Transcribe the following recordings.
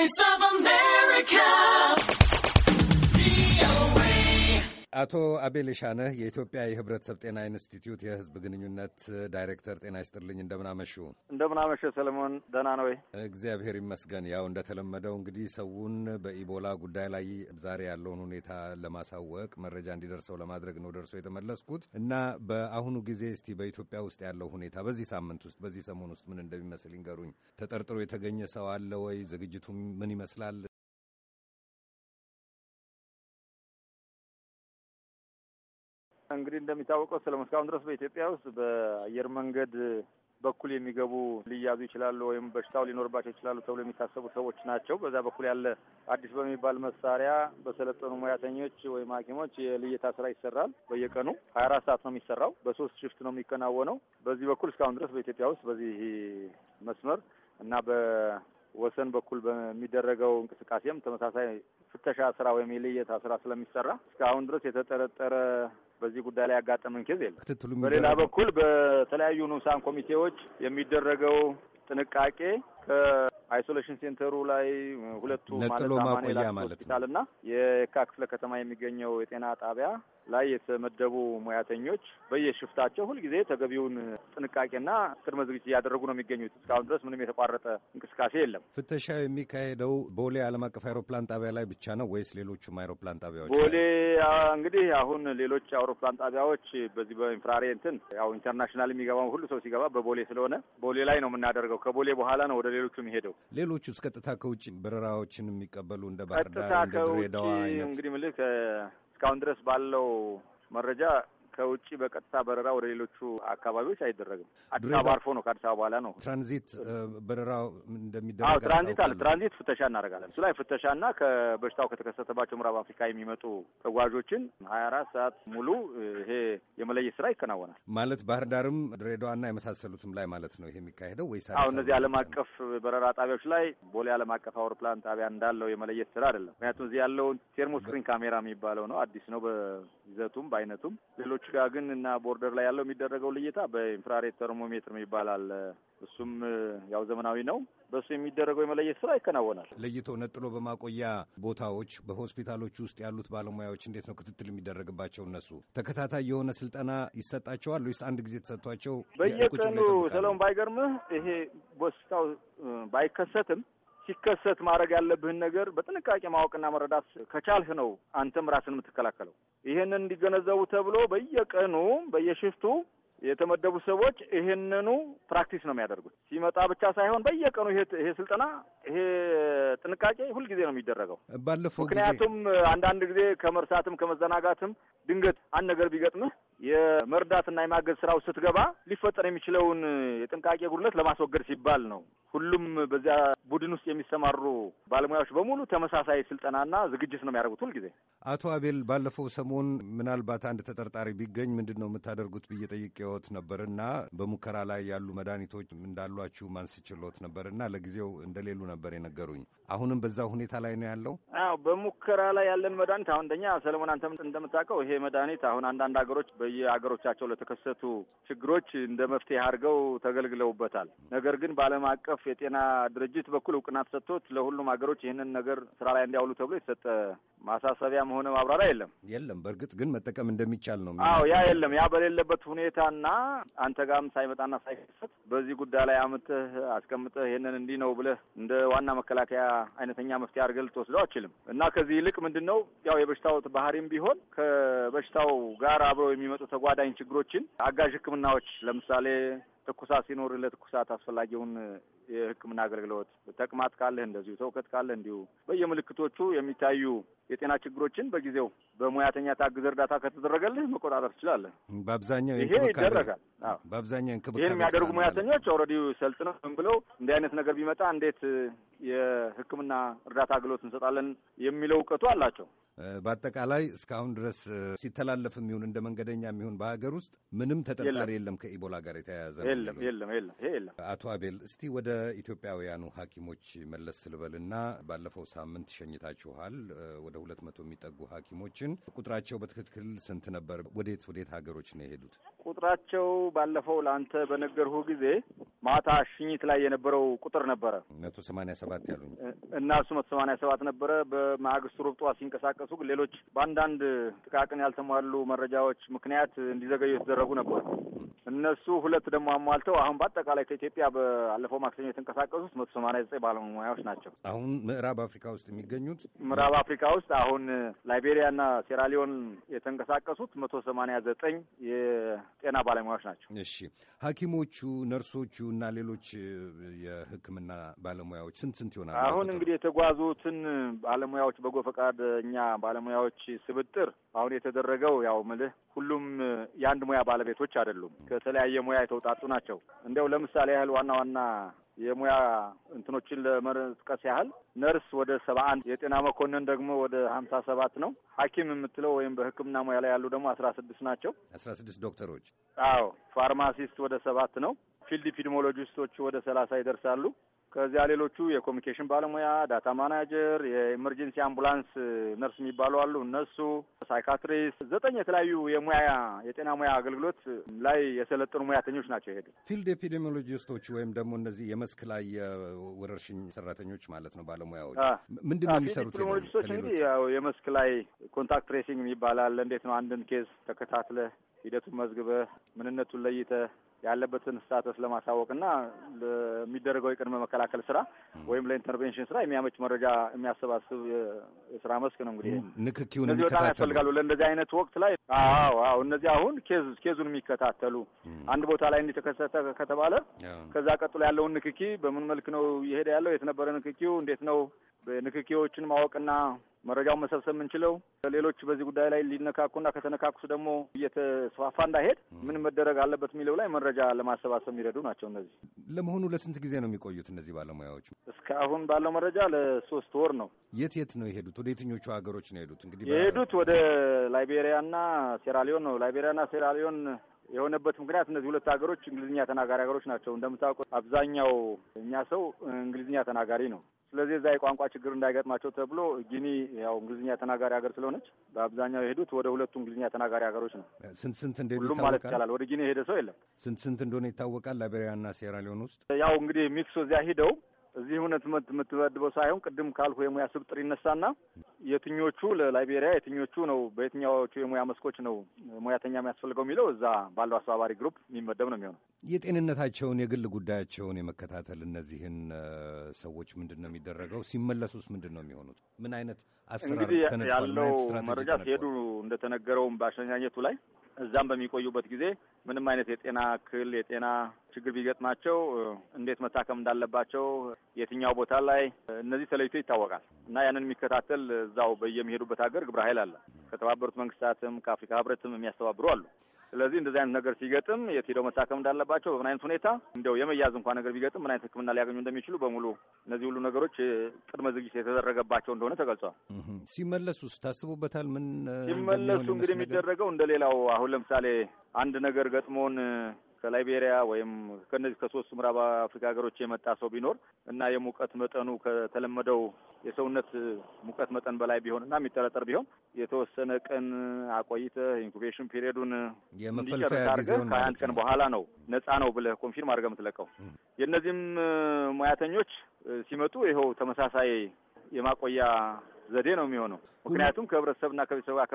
Voice of America. አቶ አቤል ሻነህ የኢትዮጵያ የህብረተሰብ ጤና ኢንስቲትዩት የህዝብ ግንኙነት ዳይሬክተር፣ ጤና ይስጥልኝ። እንደምናመሹ እንደምናመሹ ሰለሞን፣ ደህና ነው ወይ? እግዚአብሔር ይመስገን። ያው እንደተለመደው እንግዲህ ሰውን በኢቦላ ጉዳይ ላይ ዛሬ ያለውን ሁኔታ ለማሳወቅ መረጃ እንዲደርሰው ለማድረግ ነው ደርሶ የተመለስኩት እና በአሁኑ ጊዜ እስቲ በኢትዮጵያ ውስጥ ያለው ሁኔታ በዚህ ሳምንት ውስጥ በዚህ ሰሞን ውስጥ ምን እንደሚመስል ይንገሩኝ። ተጠርጥሮ የተገኘ ሰው አለ ወይ? ዝግጅቱ ምን ይመስላል? እንግዲህ እንደሚታወቀው ስለሆነ እስካሁን ድረስ በኢትዮጵያ ውስጥ በአየር መንገድ በኩል የሚገቡ ሊያዙ ይችላሉ ወይም በሽታው ሊኖርባቸው ይችላሉ ተብሎ የሚታሰቡ ሰዎች ናቸው። በዛ በኩል ያለ አዲስ በሚባል መሳሪያ በሰለጠኑ ሙያተኞች ወይም ሐኪሞች የልየታ ስራ ይሰራል። በየቀኑ ሀያ አራት ሰዓት ነው የሚሰራው። በሶስት ሽፍት ነው የሚከናወነው። በዚህ በኩል እስካሁን ድረስ በኢትዮጵያ ውስጥ በዚህ መስመር እና በወሰን በኩል በሚደረገው እንቅስቃሴም ተመሳሳይ ፍተሻ ስራ ወይም የልየታ ስራ ስለሚሰራ እስካሁን ድረስ የተጠረጠረ በዚህ ጉዳይ ላይ ያጋጠምን ኬዝ የለም። በሌላ በኩል በተለያዩ ንዑሳን ኮሚቴዎች የሚደረገው ጥንቃቄ ከአይሶሌሽን ሴንተሩ ላይ ሁለቱ ነጥሎ ማቆያ ማለት ነው እና የካ ክፍለ ከተማ የሚገኘው የጤና ጣቢያ ላይ የተመደቡ ሙያተኞች በየሽፍታቸው ሁልጊዜ ተገቢውን ጥንቃቄና ቅድመ ዝግጅት እያደረጉ ነው የሚገኙት። እስካሁን ድረስ ምንም የተቋረጠ እንቅስቃሴ የለም። ፍተሻው የሚካሄደው ቦሌ ዓለም አቀፍ አይሮፕላን ጣቢያ ላይ ብቻ ነው ወይስ ሌሎቹም አይሮፕላን ጣቢያዎች? ቦሌ እንግዲህ አሁን ሌሎች አውሮፕላን ጣቢያዎች በዚህ በኢንፍራሬንትን ያው ኢንተርናሽናል የሚገባው ሁሉ ሰው ሲገባ በቦሌ ስለሆነ ቦሌ ላይ ነው የምናደርገው። ከቦሌ በኋላ ነው ወደ በሌሎቹ የሚሄደው ሌሎቹ ውስጥ ቀጥታ ከውጭ በረራዎችን የሚቀበሉ እንደ ባህር ዳር እንደ ድሬዳዋ እንግዲህ ምልክ እስካሁን ድረስ ባለው መረጃ ከውጭ በቀጥታ በረራ ወደ ሌሎቹ አካባቢዎች አይደረግም። አዲስ አበባ አርፎ ነው ከአዲስ አበባ በኋላ ነው ትራንዚት በረራው እንደሚደረግ። ትራንዚት አለ። ትራንዚት ፍተሻ እናደርጋለን። እሱ ላይ ፍተሻና ከበሽታው ከተከሰተባቸው ምዕራብ አፍሪካ የሚመጡ ተጓዦችን ሀያ አራት ሰዓት ሙሉ ይሄ የመለየት ስራ ይከናወናል። ማለት ባህር ዳርም ድሬዳዋና የመሳሰሉትም ላይ ማለት ነው ይሄ የሚካሄደው ወይስ? አዎ እነዚህ ዓለም አቀፍ በረራ ጣቢያዎች ላይ ቦሌ ዓለም አቀፍ አውሮፕላን ጣቢያ እንዳለው የመለየት ስራ አይደለም። ምክንያቱም እዚህ ያለውን ቴርሞስክሪን ካሜራ የሚባለው ነው አዲስ ነው። ይዘቱም በአይነቱም ሌሎች ጋር ግን እና ቦርደር ላይ ያለው የሚደረገው ልየታ በኢንፍራሬድ ተርሞሜትር ይባላል። እሱም ያው ዘመናዊ ነው። በእሱ የሚደረገው የመለየት ስራ ይከናወናል። ለይቶ ነጥሎ በማቆያ ቦታዎች በሆስፒታሎች ውስጥ ያሉት ባለሙያዎች እንዴት ነው ክትትል የሚደረግባቸው? እነሱ ተከታታይ የሆነ ስልጠና ይሰጣቸዋል ወይስ አንድ ጊዜ ተሰጥቷቸው በየቀኑ ሰለውን ባይገርምህ ይሄ በሽታው ባይከሰትም ሲከሰት ማድረግ ያለብህን ነገር በጥንቃቄ ማወቅና መረዳት ከቻልህ ነው አንተም ራስን የምትከላከለው። ይህንን እንዲገነዘቡ ተብሎ በየቀኑ በየሽፍቱ የተመደቡ ሰዎች ይህንኑ ፕራክቲስ ነው የሚያደርጉት። ሲመጣ ብቻ ሳይሆን በየቀኑ ይሄ ስልጠና፣ ይሄ ጥንቃቄ ሁልጊዜ ነው የሚደረገው። ባለፈው ምክንያቱም አንዳንድ ጊዜ ከመርሳትም ከመዘናጋትም ድንገት አንድ ነገር ቢገጥምህ የመርዳትና የማገዝ ስራው ስትገባ ሊፈጠር የሚችለውን የጥንቃቄ ጉድለት ለማስወገድ ሲባል ነው። ሁሉም በዚያ ቡድን ውስጥ የሚሰማሩ ባለሙያዎች በሙሉ ተመሳሳይ ስልጠናና ዝግጅት ነው የሚያደርጉት ሁልጊዜ። አቶ አቤል፣ ባለፈው ሰሞን ምናልባት አንድ ተጠርጣሪ ቢገኝ ምንድን ነው የምታደርጉት ብዬ ጠይቄዎት ነበር በሙከራ ላይ ያሉ መድኃኒቶች እንዳሏችሁ ማንስችሎት ነበር እና ለጊዜው እንደሌሉ ነበር የነገሩኝ። አሁንም በዛ ሁኔታ ላይ ነው ያለው። አዎ፣ በሙከራ ላይ ያለን መድኃኒት አሁን እንደኛ ሰለሞን፣ አንተም እንደምታውቀው ይሄ መድኃኒት አሁን አንዳንድ ሀገሮች በየሀገሮቻቸው ለተከሰቱ ችግሮች እንደ መፍትሄ አድርገው ተገልግለውበታል። ነገር ግን በዓለም አቀፍ የጤና ድርጅት በኩል እውቅና ተሰጥቶት ለሁሉም ሀገሮች ይህንን ነገር ስራ ላይ እንዲያውሉ ተብሎ የተሰጠ ማሳሰቢያም ሆነ ማብራሪያ የለም የለም። በእርግጥ ግን መጠቀም እንደሚቻል ነው። አዎ ያ የለም። ያ በሌለበት ሁኔታና አንተ ጋም ሳይመጣና ሳይከሰት በዚህ ጉዳይ ላይ አምትህ አስቀምጠህ ይህንን እንዲህ ነው ብለህ እንደ ዋና መከላከያ አይነተኛ መፍትሄ አድርገህ ልትወስደው አችልም እና ከዚህ ይልቅ ምንድን ነው ያው የበሽታው ባህሪም ቢሆን ከበሽታው ጋር አብረው የሚመጡ ተጓዳኝ ችግሮችን አጋዥ ሕክምናዎች ለምሳሌ ትኩሳት ሲኖር ለትኩሳት አስፈላጊውን የሕክምና አገልግሎት፣ ተቅማጥ ካለህ እንደዚሁ፣ ተውከት ካለህ እንዲሁ በየምልክቶቹ የሚታዩ የጤና ችግሮችን በጊዜው በሙያተኛ ታግዘ እርዳታ ከተደረገልህ መቆጣጠር ትችላለህ። በአብዛኛው ይሄ ይደረጋል። በአብዛኛው እንክብካቤ ይህን የሚያደርጉ ሙያተኞች ኦልሬዲ ሰልጥነው ምን ብለው እንዲህ አይነት ነገር ቢመጣ እንዴት የሕክምና እርዳታ አገልግሎት እንሰጣለን የሚለው እውቀቱ አላቸው። በአጠቃላይ እስካሁን ድረስ ሲተላለፍ የሚሆን እንደ መንገደኛ የሚሆን በሀገር ውስጥ ምንም ተጠርጣሪ የለም ከኢቦላ ጋር የተያያዘ የለም የለም የለም የለም። አቶ አቤል እስቲ ወደ ኢትዮጵያውያኑ ሐኪሞች መለስ ስልበልና ባለፈው ሳምንት ሸኝታችኋል ወደ ሁለት መቶ የሚጠጉ ሐኪሞችን ቁጥራቸው በትክክል ስንት ነበር? ወዴት ወዴት ሀገሮች ነው የሄዱት? ቁጥራቸው ባለፈው ለአንተ በነገርሁ ጊዜ ማታ ሽኝት ላይ የነበረው ቁጥር ነበረ መቶ ሰማኒያ ሰባት ያሉኝ እና እሱ መቶ ሰማኒያ ሰባት ነበረ። በማግስቱ ሩብ ጠዋት ሲንቀሳቀሱ ሌሎች በአንዳንድ ጥቃቅን ያልተሟሉ መረጃዎች ምክንያት እንዲዘገዩ የተደረጉ ነበር። እነሱ ሁለት ደግሞ አሟልተው አሁን በአጠቃላይ ከኢትዮጵያ በአለፈው ማክሰኞ የተንቀሳቀሱት መቶ ሰማንያ ዘጠኝ ባለሙያዎች ናቸው። አሁን ምዕራብ አፍሪካ ውስጥ የሚገኙት ምዕራብ አፍሪካ ውስጥ አሁን ላይቤሪያና ሴራሊዮን የተንቀሳቀሱት መቶ ሰማንያ ዘጠኝ የጤና ባለሙያዎች ናቸው። እሺ ሐኪሞቹ ነርሶቹ እና ሌሎች የሕክምና ባለሙያዎች ስንት ስንት ይሆናል? አሁን እንግዲህ የተጓዙትን ባለሙያዎች በጎ ፈቃደኛ ባለሙያዎች ስብጥር አሁን የተደረገው ያው ምልህ ሁሉም የአንድ ሙያ ባለቤቶች አይደሉም። ከተለያየ ሙያ የተውጣጡ ናቸው። እንዲያው ለምሳሌ ያህል ዋና ዋና የሙያ እንትኖችን ለመጥቀስ ያህል ነርስ ወደ ሰባ አንድ የጤና መኮንን ደግሞ ወደ ሀምሳ ሰባት ነው። ሐኪም የምትለው ወይም በሕክምና ሙያ ላይ ያሉ ደግሞ አስራ ስድስት ናቸው። አስራ ስድስት ዶክተሮች። አዎ ፋርማሲስት ወደ ሰባት ነው። ፊልድ ኢፒዲሞሎጂስቶች ወደ ሰላሳ ይደርሳሉ። ከዚያ ሌሎቹ የኮሚኒኬሽን ባለሙያ፣ ዳታ ማናጀር፣ የኢመርጀንሲ አምቡላንስ ነርስ የሚባሉ አሉ። እነሱ ሳይካትሪስት፣ ዘጠኝ የተለያዩ የሙያ የጤና ሙያ አገልግሎት ላይ የሰለጠኑ ሙያተኞች ናቸው ይሄዱ ፊልድ ኤፒዴሚዮሎጂስቶች ወይም ደግሞ እነዚህ የመስክ ላይ የወረርሽኝ ሰራተኞች ማለት ነው ባለሙያዎች ምንድን ነው የሚሰሩት? ኤፒዴሚዮሎጂስቶች እንግዲህ ያው የመስክ ላይ ኮንታክት ትሬሲንግ ይባላል። እንዴት ነው አንድን ኬዝ ተከታትለ ሂደቱን መዝግበህ ምንነቱን ለይተ? ያለበትን ስታተስ ለማሳወቅና ለሚደረገው የቅድመ መከላከል ስራ ወይም ለኢንተርቬንሽን ስራ የሚያመች መረጃ የሚያሰባስብ የስራ መስክ ነው። እንግዲህ ንክኪውን በጣም ያስፈልጋሉ ለእንደዚህ አይነት ወቅት ላይ። አዎ አዎ፣ እነዚህ አሁን ኬዙን የሚከታተሉ አንድ ቦታ ላይ እንዲተከሰተ ከተባለ ከዛ ቀጥሎ ያለውን ንክኪ በምን መልክ ነው እየሄደ ያለው፣ የት ነበረ ንክኪው፣ እንዴት ነው ንክኪዎችን ማወቅና መረጃውን መሰብሰብ የምንችለው ሌሎች በዚህ ጉዳይ ላይ ሊነካኩና ከተነካኩስ ደግሞ እየተስፋፋ እንዳይሄድ ምን መደረግ አለበት የሚለው ላይ መረጃ ለማሰባሰብ የሚረዱ ናቸው። እነዚህ ለመሆኑ ለስንት ጊዜ ነው የሚቆዩት እነዚህ ባለሙያዎች? እስካሁን ባለው መረጃ ለሶስት ወር ነው። የት የት ነው የሄዱት? ወደ የትኞቹ ሀገሮች ነው የሄዱት? እንግዲህ የሄዱት ወደ ላይቤሪያና ሴራሊዮን ነው። ላይቤሪያና ሴራሊዮን የሆነበት ምክንያት እነዚህ ሁለት ሀገሮች እንግሊዝኛ ተናጋሪ ሀገሮች ናቸው። እንደምታውቁት አብዛኛው እኛ ሰው እንግሊዝኛ ተናጋሪ ነው። ስለዚህ እዛ የቋንቋ ችግር እንዳይገጥማቸው ተብሎ ጊኒ ያው እንግሊዝኛ ተናጋሪ ሀገር ስለሆነች በአብዛኛው የሄዱት ወደ ሁለቱ እንግሊዝኛ ተናጋሪ ሀገሮች ነው። ስንት ስንት ሁሉም ማለት ይቻላል። ወደ ጊኒ የሄደ ሰው የለም። ስንት ስንት እንደሆነ ይታወቃል። ላይቤሪያና ሴራሊዮን ውስጥ ያው እንግዲህ ሚክሱ እዚያ ሂደው እዚህ እውነት የምትመድበው ሳይሆን ቅድም ካልሁ የሙያ ስብጥር ይነሳና የትኞቹ ለላይቤሪያ የትኞቹ ነው በየትኛዎቹ የሙያ መስኮች ነው ሙያተኛ የሚያስፈልገው የሚለው እዛ ባለው አስተባባሪ ግሩፕ የሚመደብ ነው የሚሆነው። የጤንነታቸውን የግል ጉዳያቸውን የመከታተል እነዚህን ሰዎች ምንድን ነው የሚደረገው? ሲመለሱስ ምንድን ነው የሚሆኑት? ምን አይነት አሰራር እንግዲህ ያለው መረጃ ሲሄዱ እንደተነገረውም በአሸኛኘቱ ላይ እዛም በሚቆዩበት ጊዜ ምንም አይነት የጤና እክል የጤና ችግር ቢገጥማቸው እንዴት መታከም እንዳለባቸው የትኛው ቦታ ላይ እነዚህ ተለይቶ ይታወቃል እና ያንን የሚከታተል እዛው በየሚሄዱበት ሀገር ግብረ ኃይል አለ። ከተባበሩት መንግስታትም ከአፍሪካ ህብረትም የሚያስተባብሩ አሉ። ስለዚህ እንደዚህ አይነት ነገር ሲገጥም የት ሄደው መታከም እንዳለባቸው በምን አይነት ሁኔታ እንዲያው የመያዝ እንኳን ነገር ቢገጥም ምን አይነት ሕክምና ሊያገኙ እንደሚችሉ በሙሉ እነዚህ ሁሉ ነገሮች ቅድመ ዝግጅት የተደረገባቸው እንደሆነ ተገልጿል። ሲመለሱስ ታስቡበታል? ምን ሲመለሱ እንግዲህ የሚደረገው እንደሌላው አሁን ለምሳሌ አንድ ነገር ገጥሞን ከላይቤሪያ ወይም ከነዚህ ከሶስት ምዕራብ አፍሪካ ሀገሮች የመጣ ሰው ቢኖር እና የሙቀት መጠኑ ከተለመደው የሰውነት ሙቀት መጠን በላይ ቢሆን እና የሚጠረጠር ቢሆን የተወሰነ ቀን አቆይተህ ኢንኩቤሽን ፒሪዮዱን እንዲጨርስ አድርገህ ከሀያ አንድ ቀን በኋላ ነው ነጻ ነው ብለህ ኮንፊርም አድርገህ የምትለቀው። የእነዚህም ሙያተኞች ሲመጡ ይኸው ተመሳሳይ የማቆያ ዘዴ ነው የሚሆነው። ምክንያቱም ከህብረተሰብና ከቤተሰብ ጋር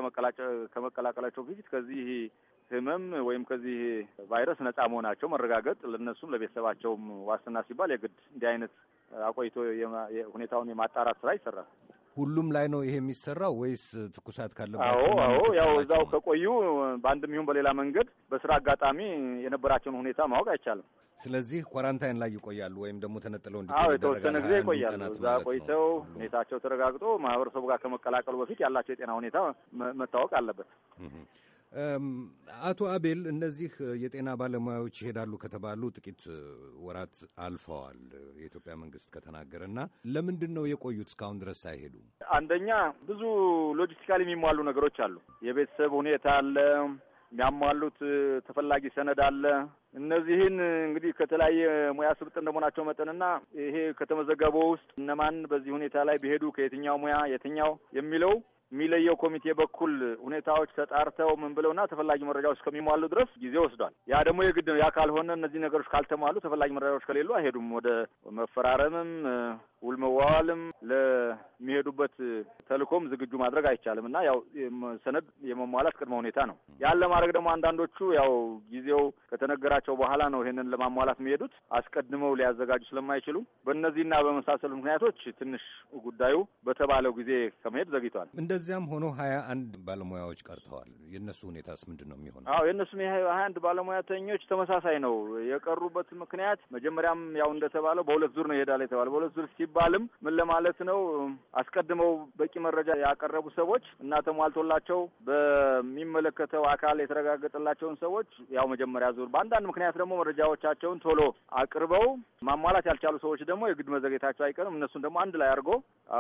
ከመቀላቀላቸው በፊት ከዚህ ህመም ወይም ከዚህ ቫይረስ ነጻ መሆናቸው መረጋገጥ ለነሱም ለቤተሰባቸውም ዋስትና ሲባል የግድ እንዲህ አይነት አቆይቶ ሁኔታውን የማጣራት ስራ ይሰራል። ሁሉም ላይ ነው ይሄ የሚሰራው ወይስ ትኩሳት ካለባቸው? አዎ አዎ፣ ያው እዛው ከቆዩ በአንድም ይሁን በሌላ መንገድ በስራ አጋጣሚ የነበራቸውን ሁኔታ ማወቅ አይቻልም። ስለዚህ ኳራንታይን ላይ ይቆያሉ ወይም ደግሞ ተነጥለው እንዲ የተወሰነ ጊዜ ይቆያሉ። እዛ ቆይተው ሁኔታቸው ተረጋግጦ ማህበረሰቡ ጋር ከመቀላቀሉ በፊት ያላቸው የጤና ሁኔታ መታወቅ አለበት። አቶ አቤል እነዚህ የጤና ባለሙያዎች ይሄዳሉ ከተባሉ ጥቂት ወራት አልፈዋል፣ የኢትዮጵያ መንግስት ከተናገረ እና ለምንድን ነው የቆዩት እስካሁን ድረስ ሳይሄዱ? አንደኛ ብዙ ሎጂስቲካል የሚሟሉ ነገሮች አሉ። የቤተሰብ ሁኔታ አለ፣ የሚያሟሉት ተፈላጊ ሰነድ አለ። እነዚህን እንግዲህ ከተለያየ ሙያ ስብጥ እንደመሆናቸው መጠንና ይሄ ከተመዘገበው ውስጥ እነማን በዚህ ሁኔታ ላይ ቢሄዱ ከየትኛው ሙያ የትኛው የሚለው የሚለየው ኮሚቴ በኩል ሁኔታዎች ተጣርተው ምን ብለውና ተፈላጊ መረጃዎች እስከሚሟሉ ድረስ ጊዜ ወስዷል። ያ ደግሞ የግድ ነው። ያ ካልሆነ እነዚህ ነገሮች ካልተሟሉ ተፈላጊ መረጃዎች ከሌሉ አይሄዱም። ወደ መፈራረምም ውል መዋዋልም ለሚሄዱበት ተልእኮም ዝግጁ ማድረግ አይቻልም እና ያው ሰነድ የመሟላት ቅድመ ሁኔታ ነው። ያን ለማድረግ ደግሞ አንዳንዶቹ ያው ጊዜው ከተነገራቸው በኋላ ነው ይሄንን ለማሟላት የሚሄዱት አስቀድመው ሊያዘጋጁ ስለማይችሉ በእነዚህና በመሳሰሉ ምክንያቶች ትንሽ ጉዳዩ በተባለው ጊዜ ከመሄድ ዘግይቷል። እንደዚያም ሆኖ ሀያ አንድ ባለሙያዎች ቀርተዋል። የእነሱ ሁኔታስ ምንድን ነው የሚሆነው? አዎ የእነሱም ሀያ አንድ ባለሙያተኞች ተመሳሳይ ነው። የቀሩበት ምክንያት መጀመሪያም ያው እንደተባለው በሁለት ዙር ነው ይሄዳል የተባለው በሁለት ዙር ሲባልም ምን ለማለት ነው? አስቀድመው በቂ መረጃ ያቀረቡ ሰዎች እና ተሟልቶላቸው በሚመለከተው አካል የተረጋገጠላቸውን ሰዎች ያው መጀመሪያ ዙር፣ በአንዳንድ ምክንያት ደግሞ መረጃዎቻቸውን ቶሎ አቅርበው ማሟላት ያልቻሉ ሰዎች ደግሞ የግድ መዘግየታቸው አይቀርም። እነሱን ደግሞ አንድ ላይ አድርጎ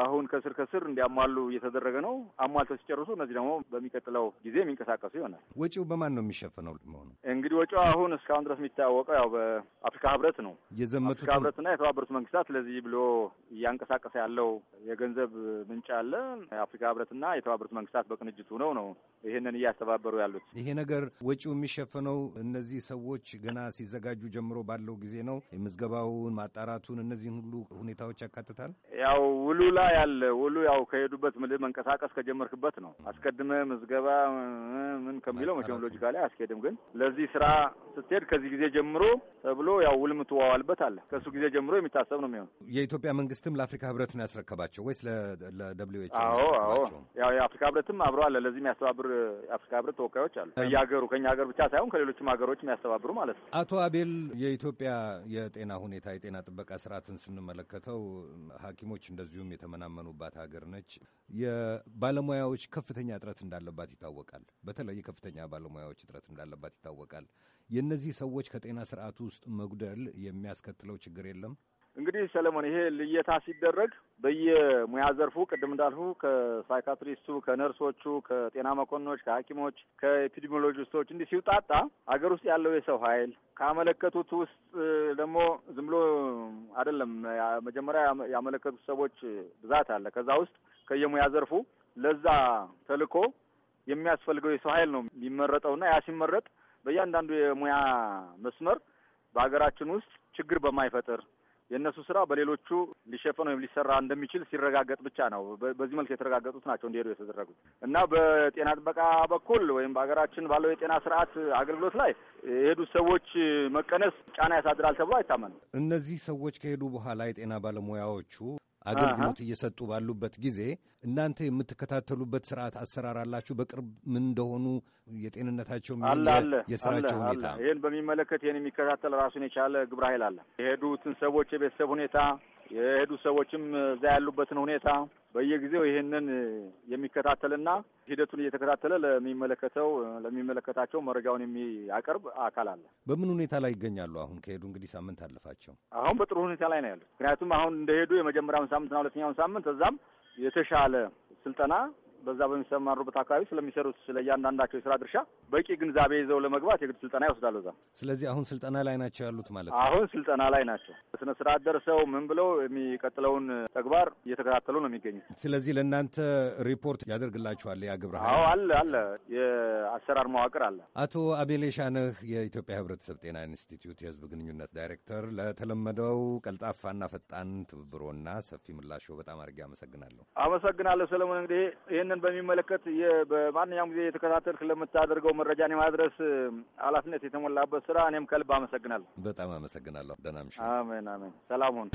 አሁን ከስር ከስር እንዲያሟሉ እየተደረገ ነው። አሟልተው ሲጨርሱ እነዚህ ደግሞ በሚቀጥለው ጊዜ የሚንቀሳቀሱ ይሆናል። ወጪው በማን ነው የሚሸፈነው? መሆኑ እንግዲህ ወጪው አሁን እስካሁን ድረስ የሚታወቀው ያው በአፍሪካ ህብረት ነው። የዘመቱ አፍሪካ ህብረትና የተባበሩት መንግስታት ለዚህ ብሎ እያንቀሳቀሰ ያለው የገንዘብ ምንጭ አለ። የአፍሪካ ህብረትና የተባበሩት መንግስታት በቅንጅት ሆነው ነው ይህንን እያስተባበሩ ያሉት። ይሄ ነገር ወጪው የሚሸፈነው እነዚህ ሰዎች ገና ሲዘጋጁ ጀምሮ ባለው ጊዜ ነው። የምዝገባውን ማጣራቱን፣ እነዚህን ሁሉ ሁኔታዎች ያካትታል። ያው ውሉ ላይ ያለ ውሉ ያው ከሄዱበት ምል መንቀሳቀስ ከጀመርክበት ነው አስቀድመ ምዝገባ ምን ከሚለው መቼም ሎጂካ ላይ አስኬድም። ግን ለዚህ ስራ ስትሄድ ከዚህ ጊዜ ጀምሮ ተብሎ ያው ውልም ትዋዋልበት አለ። ከእሱ ጊዜ ጀምሮ የሚታሰብ ነው የሚሆን። የኢትዮጵያ መንግስትም ለአፍሪካ ህብረት ነው ያስረከባቸው ወይስ ለደብሊው ኤች አዎ ያው የአፍሪካ ህብረትም አብሮ አለ። ለዚህ የሚያስተባብር የአፍሪካ ህብረት ተወካዮች አሉ እያገሩ ከኛ ሀገር ብቻ ሳይሆን ከሌሎችም ሀገሮች የሚያስተባብሩ ማለት ነው። አቶ አቤል የኢትዮጵያ የጤና ሁኔታ የጤና ጥበቃ ስርዓትን ስንመለከተው ሐኪሞች እንደዚሁም የተመናመኑባት ሀገር ነች። የባለሙያዎች ከፍተኛ እጥረት እንዳለባት ይታወቃል። በተለይ ከፍተኛ ባለሙያዎች እጥረት እንዳለባት ይታወቃል። የእነዚህ ሰዎች ከጤና ስርዓቱ ውስጥ መጉደል የሚያስከትለው ችግር የለም። እንግዲህ ሰለሞን፣ ይሄ ልየታ ሲደረግ በየሙያ ዘርፉ ቅድም እንዳልሁ ከሳይካትሪስቱ፣ ከነርሶቹ፣ ከጤና መኮንኖች፣ ከሐኪሞች፣ ከኤፒዲሚዮሎጂስቶች እንዲህ ሲውጣጣ አገር ውስጥ ያለው የሰው ኃይል ካመለከቱት ውስጥ ደግሞ ዝም ብሎ አይደለም። መጀመሪያ ያመለከቱት ሰዎች ብዛት አለ። ከዛ ውስጥ ከየሙያ ዘርፉ ለዛ ተልዕኮ የሚያስፈልገው የሰው ኃይል ነው የሚመረጠውና ያ ሲመረጥ በእያንዳንዱ የሙያ መስመር በሀገራችን ውስጥ ችግር በማይፈጥር የእነሱ ስራ በሌሎቹ ሊሸፈን ወይም ሊሰራ እንደሚችል ሲረጋገጥ ብቻ ነው። በዚህ መልክ የተረጋገጡት ናቸው እንዲሄዱ የተደረጉት እና በጤና ጥበቃ በኩል ወይም በሀገራችን ባለው የጤና ስርዓት አገልግሎት ላይ የሄዱ ሰዎች መቀነስ ጫና ያሳድራል ተብሎ አይታመንም። እነዚህ ሰዎች ከሄዱ በኋላ የጤና ባለሙያዎቹ አገልግሎት እየሰጡ ባሉበት ጊዜ እናንተ የምትከታተሉበት ስርዓት አሰራር አላችሁ? በቅርብ ምን እንደሆኑ የጤንነታቸው የስራቸው ሁኔታ ይህን በሚመለከት ይህን የሚከታተል ራሱን የቻለ ግብረ ኃይል አለ። የሄዱትን ሰዎች የቤተሰብ ሁኔታ የሄዱ ሰዎችም እዛ ያሉበትን ሁኔታ በየጊዜው ይህንን የሚከታተልና ሂደቱን እየተከታተለ ለሚመለከተው ለሚመለከታቸው መረጃውን የሚያቀርብ አካል አለ። በምን ሁኔታ ላይ ይገኛሉ? አሁን ከሄዱ እንግዲህ ሳምንት አለፋቸው። አሁን በጥሩ ሁኔታ ላይ ነው ያሉት። ምክንያቱም አሁን እንደሄዱ የመጀመሪያውን ሳምንትና ሁለተኛውን ሳምንት እዛም የተሻለ ስልጠና በዛ በሚሰማሩበት አካባቢ ስለሚሰሩት ስለ እያንዳንዳቸው የስራ ድርሻ በቂ ግንዛቤ ይዘው ለመግባት የግድ ስልጠና ይወስዳሉ እዛ። ስለዚህ አሁን ስልጠና ላይ ናቸው ያሉት ማለት ነው። አሁን ስልጠና ላይ ናቸው። በስነ ስርዓት ደርሰው ምን ብለው የሚቀጥለውን ተግባር እየተከታተሉ ነው የሚገኙት። ስለዚህ ለእናንተ ሪፖርት ያደርግላችኋል ያ ግብረ ኃይል? አዎ አለ አለ፣ የአሰራር መዋቅር አለ። አቶ አቤሌ ሻነህ የኢትዮጵያ ህብረተሰብ ጤና ኢንስቲትዩት የህዝብ ግንኙነት ዳይሬክተር፣ ለተለመደው ቀልጣፋና ፈጣን ትብብሮና ሰፊ ምላሾ በጣም አድርጌ አመሰግናለሁ። አመሰግናለሁ ሰለሞን። እንግዲህ ይህንን በሚመለከት በማንኛውም ጊዜ የተከታተልክ ለምታደርገው መረጃን የማድረስ ኃላፊነት የተሞላበት ስራ እኔም ከልብ አመሰግናለሁ። በጣም አመሰግናለሁ። ደህና ምሽት። አሜን አሜን። ሰላሙን